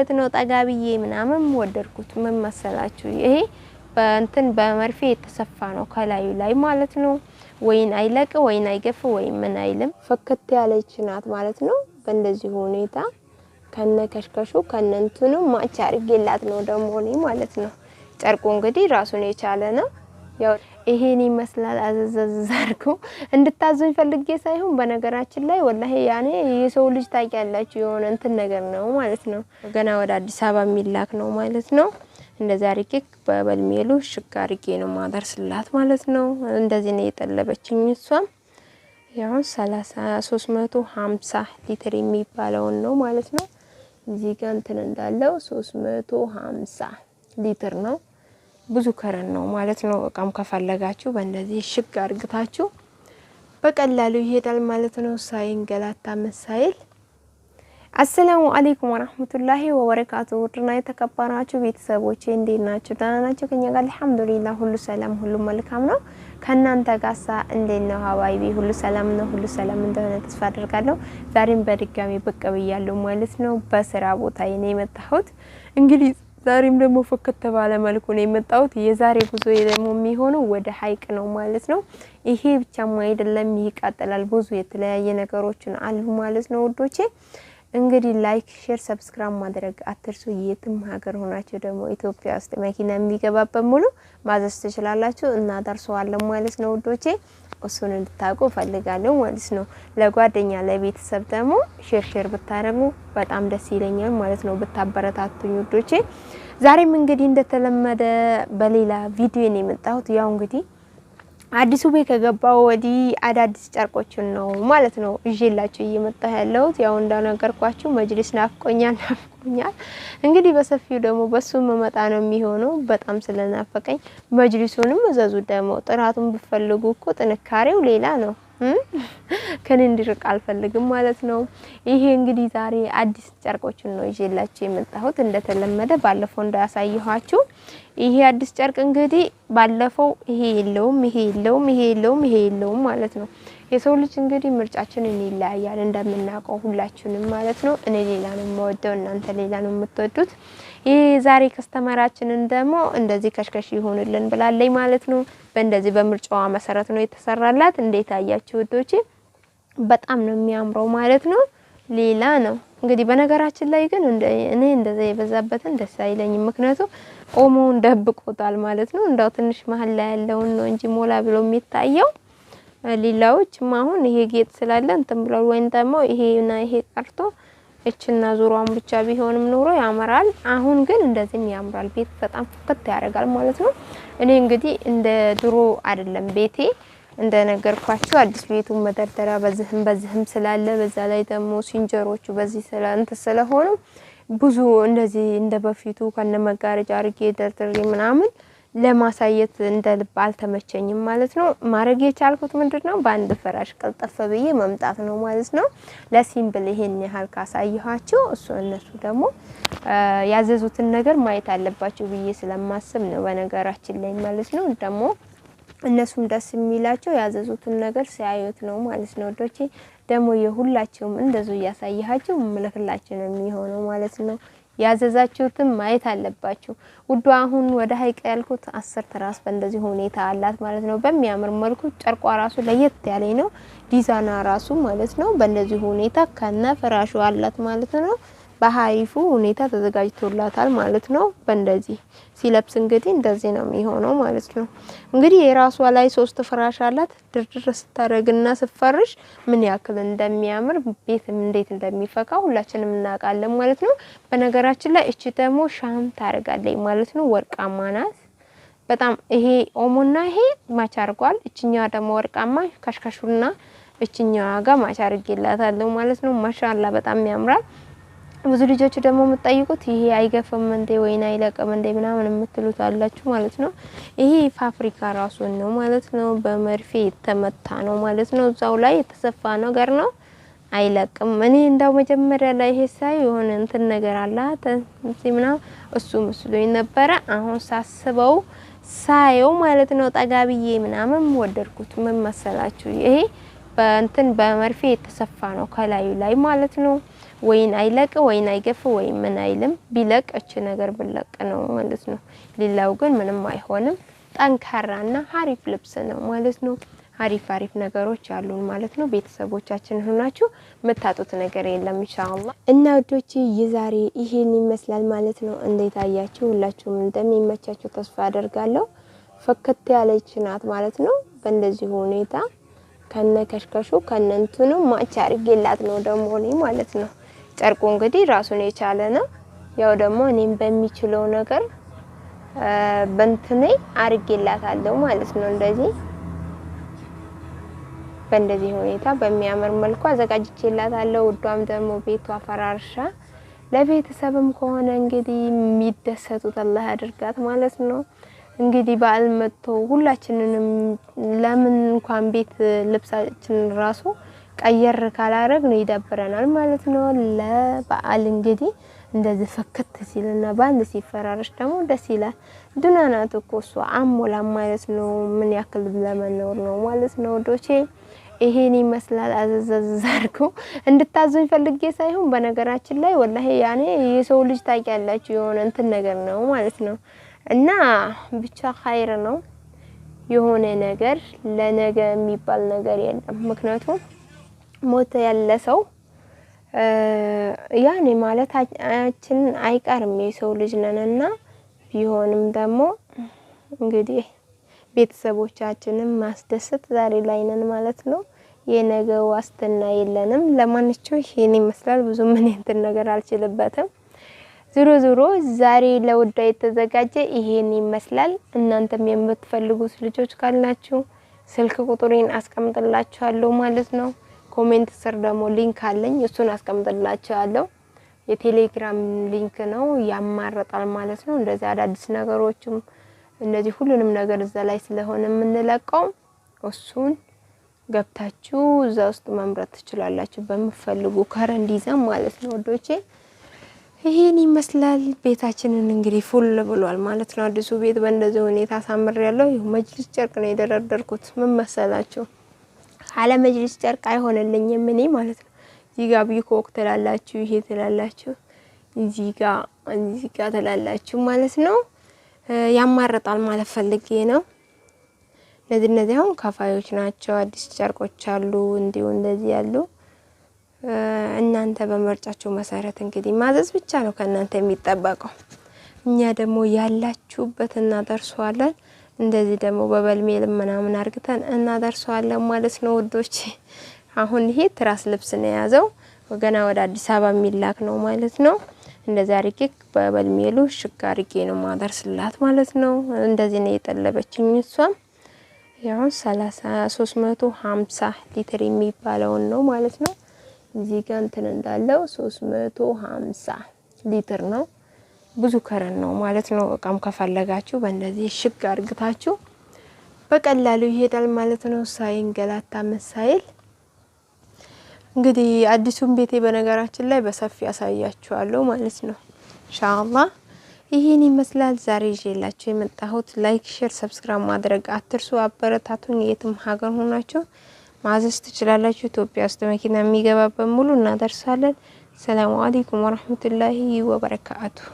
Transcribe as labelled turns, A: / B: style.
A: ማለት ነው። ጠጋ ብዬ ምናምን ወደድኩት። ምን መሰላችሁ? ይሄ በእንትን በመርፌ የተሰፋ ነው ከላዩ ላይ ማለት ነው። ወይን አይለቅ፣ ወይን አይገፍ፣ ወይም ምን አይልም። ፈከት ያለች ናት ማለት ነው። በእንደዚህ ሁኔታ ከነ ከሽከሹ ከነ እንትኑ ማች አድርጌላት ነው ደግሞ እኔ ማለት ነው። ጨርቁ እንግዲህ ራሱን የቻለ ነው። ያው ይሄን ይመስላል። አዘዘዘርኩ እንድታዘኝ ፈልጌ ሳይሆን በነገራችን ላይ ወላሂ ያኔ የሰው ልጅ ታውቂያላችሁ የሆነ እንትን ነገር ነው ማለት ነው። ገና ወደ አዲስ አበባ የሚላክ ነው ማለት ነው። እንደዛ አርጌ በበልሜሉ ሽጋ አርጌ ነው ማደርስላት ማለት ነው። እንደዚህ ነው የጠለበችኝ እሷም ያው 350 ሊትር የሚባለውን ነው ማለት ነው። እዚህ ጋር እንትን እንዳለው 350 ሊትር ነው ብዙ ከረን ነው ማለት ነው። እቃም ከፈለጋችሁ በእንደዚህ ሽግ አርግታችሁ በቀላሉ ይሄዳል ማለት ነው። ሳይን ገላታ መሳይል። አሰላሙ አለይኩም ወራህመቱላሂ ወበረካቱ። ውድና የተከበራችሁ ቤተሰቦቼ እንዴት ናችሁ? ደህና ከኛ ጋር አልሐምዱሊላህ ሁሉ ሰላም፣ ሁሉ መልካም ነው። ከእናንተ ጋሳ እንዴት ነው? ሀባይቢ ሁሉ ሰላም ነው። ሁሉ ሰላም እንደሆነ ተስፋ አድርጋለሁ ዛሬም በድጋሚ ብቅ ብያለሁ ማለት ነው። በስራ ቦታ የኔ የመጣሁት እንግሊዝ ዛሬም ደግሞ ፍክት ባለ መልኩ ነው የመጣሁት። የዛሬ ጉዞ ደግሞ የሚሆነው ወደ ሀይቅ ነው ማለት ነው። ይሄ ብቻ አይደለም፣ ይቃጠላል። ብዙ የተለያየ ነገሮችን አሉ ማለት ነው ውዶቼ እንግዲህ ላይክ፣ ሼር፣ ሰብስክራይብ ማድረግ አትርሱ። የትም ሀገር ሆናችሁ ደግሞ ኢትዮጵያ ውስጥ መኪና የሚገባበት ሙሉ ማዘዝ ትችላላችሁ፣ እናደርሰዋለን ማለት ነው ውዶቼ። እሱን እንድታውቁ እፈልጋለሁ ማለት ነው። ለጓደኛ ለቤተሰብ ደግሞ ሼር ሼር ብታደርጉ በጣም ደስ ይለኛል ማለት ነው፣ ብታበረታቱኝ ውዶቼ። ዛሬም እንግዲህ እንደተለመደ በሌላ ቪዲዮ ነው የመጣሁት ያው እንግዲህ አዲሱ ቤት ከገባው ወዲህ አዳዲስ ጨርቆችን ነው ማለት ነው እዤላችሁ እየመጣ ያለሁት። ያው እንደነገርኳችሁ መጅሊስ ናፍቆኛል ናፍቆኛል። እንግዲህ በሰፊው ደግሞ በሱ መመጣ ነው የሚሆነው። በጣም ስለናፈቀኝ መጅሊሱንም እዘዙ። ደግሞ ጥራቱን ብፈልጉ እኮ ጥንካሬው ሌላ ነው። ከኔ እንዲርቅ አልፈልግም ማለት ነው። ይሄ እንግዲህ ዛሬ አዲስ ጨርቆችን ነው ይዤላችሁ የመጣሁት እንደተለመደ ባለፈው እንዳያሳየኋችሁ። ይሄ አዲስ ጨርቅ እንግዲህ ባለፈው ይሄ የለውም፣ ይሄ የለውም፣ ይሄ የለውም፣ ይሄ የለውም ማለት ነው። የሰው ልጅ እንግዲህ ምርጫችንን ይለያያል እንደምናውቀው ሁላችንም ማለት ነው። እኔ ሌላ ነው የምወደው፣ እናንተ ሌላ ነው የምትወዱት። ይህ ዛሬ ከስተመራችንን ደግሞ እንደዚህ ከሽከሽ ይሆንልን ብላለኝ ማለት ነው። በእንደዚህ በምርጫዋ መሰረት ነው የተሰራላት። እንዴት አያችሁ ውዶቼ? በጣም ነው የሚያምረው ማለት ነው። ሌላ ነው እንግዲህ። በነገራችን ላይ ግን እኔ እንደዛ የበዛበትን ደስ አይለኝም፣ ምክንያቱ ቆሞውን ደብቆታል ማለት ነው። እንዳው ትንሽ መሀል ላይ ያለውን ነው እንጂ ሞላ ብሎ የሚታየው ሊላዎችም አሁን ይሄ ጌጥ ስላለ እንትን ብሏል። ወይም ደግሞ ይሄና ይሄ ቀርቶ እችና ዙሯን ብቻ ቢሆንም ኑሮ ያምራል። አሁን ግን እንደዚህም ያምራል። ቤት በጣም ፍክት ያደርጋል ማለት ነው። እኔ እንግዲህ እንደ ድሮ አይደለም ቤቴ እንደነገርኳችሁ አዲስ ቤቱ መደርደሪያ በዚህም በዚህም ስላለ በዛ ላይ ደግሞ ሲንጀሮቹ በዚህ ስለ ስለሆኑ ብዙ እንደዚህ እንደ በፊቱ ከነ መጋረጃ አርጌ ደርድሬ ምናምን ለማሳየት እንደ ልብ አልተመቸኝም ማለት ነው። ማድረግ የቻልኩት ምንድን ነው? በአንድ ፍራሽ ቅልጥፍ ብዬ መምጣት ነው ማለት ነው። ለሲምብል ይሄን ያህል ካሳየኋቸው እሱ እነሱ ደግሞ ያዘዙትን ነገር ማየት አለባቸው ብዬ ስለማስብ ነው በነገራችን ላይ ማለት ነው ደግሞ እነሱም ደስ የሚላቸው ያዘዙትን ነገር ሲያዩት ነው ማለት ነው። ዶቼ ደግሞ የሁላቸውም እንደዙ እያሳየሃቸው ምልክላቸው ነው የሚሆነው ማለት ነው። ያዘዛችሁትም ማየት አለባችሁ። ውዱ አሁን ወደ ሀይቅ ያልኩት አስር ትራስ በእንደዚህ ሁኔታ አላት ማለት ነው። በሚያምር መልኩ ጨርቋ ራሱ ለየት ያለ ነው። ዲዛና ራሱ ማለት ነው። በእንደዚህ ሁኔታ ከነ ፍራሹ አላት ማለት ነው። በሀይፉ ሁኔታ ተዘጋጅቶላታል ማለት ነው። በእንደዚህ ሲለብስ እንግዲህ እንደዚህ ነው የሚሆነው ማለት ነው። እንግዲህ የራሷ ላይ ሶስት ፍራሽ አላት። ድርድር ስታደርግና ስፈርሽ ምን ያክል እንደሚያምር ቤት እንዴት እንደሚፈካ ሁላችንም እናውቃለን ማለት ነው። በነገራችን ላይ እቺ ደግሞ ሻም ታደርጋለች ማለት ነው። ወርቃማ ናት በጣም ይሄ ኦሞና ይሄ ማች አርጓል። እችኛዋ ደግሞ ወርቃማ ከሽከሹና እችኛዋ ጋር ማች አርጌላታለሁ ማለት ነው። ማሻላ በጣም ያምራል። ብዙ ልጆች ደግሞ የምትጠይቁት ይሄ አይገፈም እንዴ ወይን አይለቅም እንዴ ምናምን የምትሉት አላችሁ ማለት ነው። ይሄ ፋብሪካ ራሱን ነው ማለት ነው። በመርፌ የተመታ ነው ማለት ነው። እዛው ላይ የተሰፋ ነገር ነው። አይለቅም። እኔ እንዳው መጀመሪያ ላይ ይሄ ሳይ የሆነ እንትን ነገር አለ ምና እሱ መስሎኝ ነበረ። አሁን ሳስበው ሳየው ማለት ነው ጠጋብዬ ምናምን ወደድኩት። ምን መሰላችሁ? ይሄ በእንትን በመርፌ የተሰፋ ነው ከላዩ ላይ ማለት ነው። ወይን አይለቅ ወይን አይገፍ ወይም ምን አይልም። ቢለቅ እች ነገር ብለቅ ነው ማለት ነው። ሌላው ግን ምንም አይሆንም። ጠንካራና ሀሪፍ ልብስ ነው ማለት ነው። አሪፍ አሪፍ ነገሮች አሉን ማለት ነው። ቤተሰቦቻችን ሆናችሁ የምታጡት ነገር የለም ኢንሻአላህ። እና ወዶች የዛሬ ይሄን ይመስላል ማለት ነው። እንዴት አያችሁ? ሁላችሁም እንደሚመቻችሁ ተስፋ አደርጋለሁ። ፈከት ያለች ናት ማለት ነው። በእንደዚህ ሁኔታ ከነ ከሽከሹ ከነ እንትኑ ማች አድርጌላት ነው ደግሞ እኔ ማለት ነው። ጨርቁ እንግዲህ ራሱን የቻለ ነው። ያው ደግሞ እኔም በሚችለው ነገር በእንትኔ አርጌላታለሁ ማለት ነው። እንደዚህ በእንደዚህ ሁኔታ በሚያምር መልኩ አዘጋጅቼላታለሁ። ውዷም ደግሞ ቤቷ ፈራርሻ ለቤተሰብም ከሆነ እንግዲህ የሚደሰቱት አላህ አድርጋት ማለት ነው። እንግዲህ በዓል መጥቶ ሁላችንንም ለምን እንኳን ቤት ልብሳችን ራሱ ቀየር ነው ይዳብረናል ማለት ነው። ለበዓል እንግዲህ እንደዚህ ፈከት ሲልና በአንድ ሲፈራረሽ ደግሞ ደስ ይላል። ዱና ናት እኮ እሷ አሞላ ማለት ነው። ምን ያክል ለመኖር ነው ማለት ነው። ዶቼ ይሄን ይመስላል። አዘዘዝ አርኩ እንድታዘኝ ፈልጌ ሳይሆን በነገራችን ላይ ወላሂ ያኔ የሰው ልጅ ታውቂያላችሁ የሆነ እንትን ነገር ነው ማለት ነው። እና ብቻ ኸይር ነው የሆነ ነገር ለነገ የሚባል ነገር የለም ምክንያቱም ሞት ያለ ሰው ያኔ ማለታችን አይቀርም። የሰው ልጅ ነንና ቢሆንም ደግሞ እንግዲህ ቤተሰቦቻችንን ማስደሰት ዛሬ ላይ ነን ማለት ነው። የነገ ዋስትና የለንም። ለማንቸው ይሄን ይመስላል። ብዙ ምን እንትን ነገር አልችልበትም። ዞሮ ዞሮ ዛሬ ለውዳ የተዘጋጀ ይሄን ይመስላል። እናንተም የምትፈልጉት ልጆች ካላችሁ ስልክ ቁጥሬን አስቀምጥላችኋለሁ ማለት ነው። ኮሜንት ስር ደግሞ ሊንክ አለኝ እሱን አስቀምጥላችኋለሁ። የቴሌግራም ሊንክ ነው ያማረጣል ማለት ነው። እንደዚህ አዳዲስ ነገሮችም እንደዚህ ሁሉንም ነገር እዛ ላይ ስለሆነ የምንለቀው እሱን ገብታችሁ እዛ ውስጥ መምረጥ ትችላላችሁ በምፈልጉ ከረንድ ይዘን ማለት ነው ወዶቼ ይህን ይመስላል ቤታችንን እንግዲህ ፉል ብሏል ማለት ነው። አዲሱ ቤት በእንደዚህ ሁኔታ አሳምር ያለው ይህ መጅልስ ጨርቅ ነው የደረደርኩት። ምን መሰላችሁ? ካለ መጅሊስ ጨርቅ አይሆንልኝም እኔ ማለት ነው። እዚህ ጋር ቢኮክ ትላላችሁ፣ ይሄ ትላላችሁ፣ እዚህ ጋር እዚህ ጋር ትላላችሁ ማለት ነው። ያማረጣል ማለት ፈልጌ ነው። እነዚህ እነዚህ አሁን ከፋዮች ናቸው። አዲስ ጨርቆች አሉ፣ እንዲሁ እንደዚህ ያሉ እናንተ በመርጫችሁ መሰረት እንግዲህ ማዘዝ ብቻ ነው ከእናንተ የሚጠበቀው። እኛ ደግሞ ያላችሁበት እናደርሰዋለን። እንደዚህ ደግሞ በበልሜል ምናምን አርግተን እናደርሰዋለን ማለት ነው ውዶች። አሁን ይሄ ትራስ ልብስ ነው የያዘው ገና ወደ አዲስ አበባ የሚላክ ነው ማለት ነው። እንደዚህ አርጌ በበልሜሉ ሽግ አርጌ ነው ማደርስላት ማለት ነው። እንደዚህ ነው የጠለበችኝ እሷም ያው 350 ሊትር የሚባለውን ነው ማለት ነው። እዚህ ጋር እንትን እንዳለው 350 ሊትር ነው። ብዙ ከረን ነው ማለት ነው። እቃም ከፈለጋችሁ በእንደዚህ ሽግ አርግታችሁ በቀላሉ ይሄዳል ማለት ነው። ሳይንገላታ መሳይል እንግዲህ አዲሱን ቤቴ በነገራችን ላይ በሰፊ ያሳያችኋለሁ ማለት ነው ኢንሻአላ ይህን ይመስላል ዛሬ ይዤላችሁ የመጣሁት። ላይክ፣ ሼር፣ ሰብስክራይብ ማድረግ አትርሱ። አበረታቱን። የትም ሀገር ሆናችሁ ማዘዝ ትችላላችሁ። ኢትዮጵያ ውስጥ መኪና የሚገባበት ሙሉ እናደርሳለን። ሰላሙ አለይኩም ወራህመቱላሂ ወበረካቱ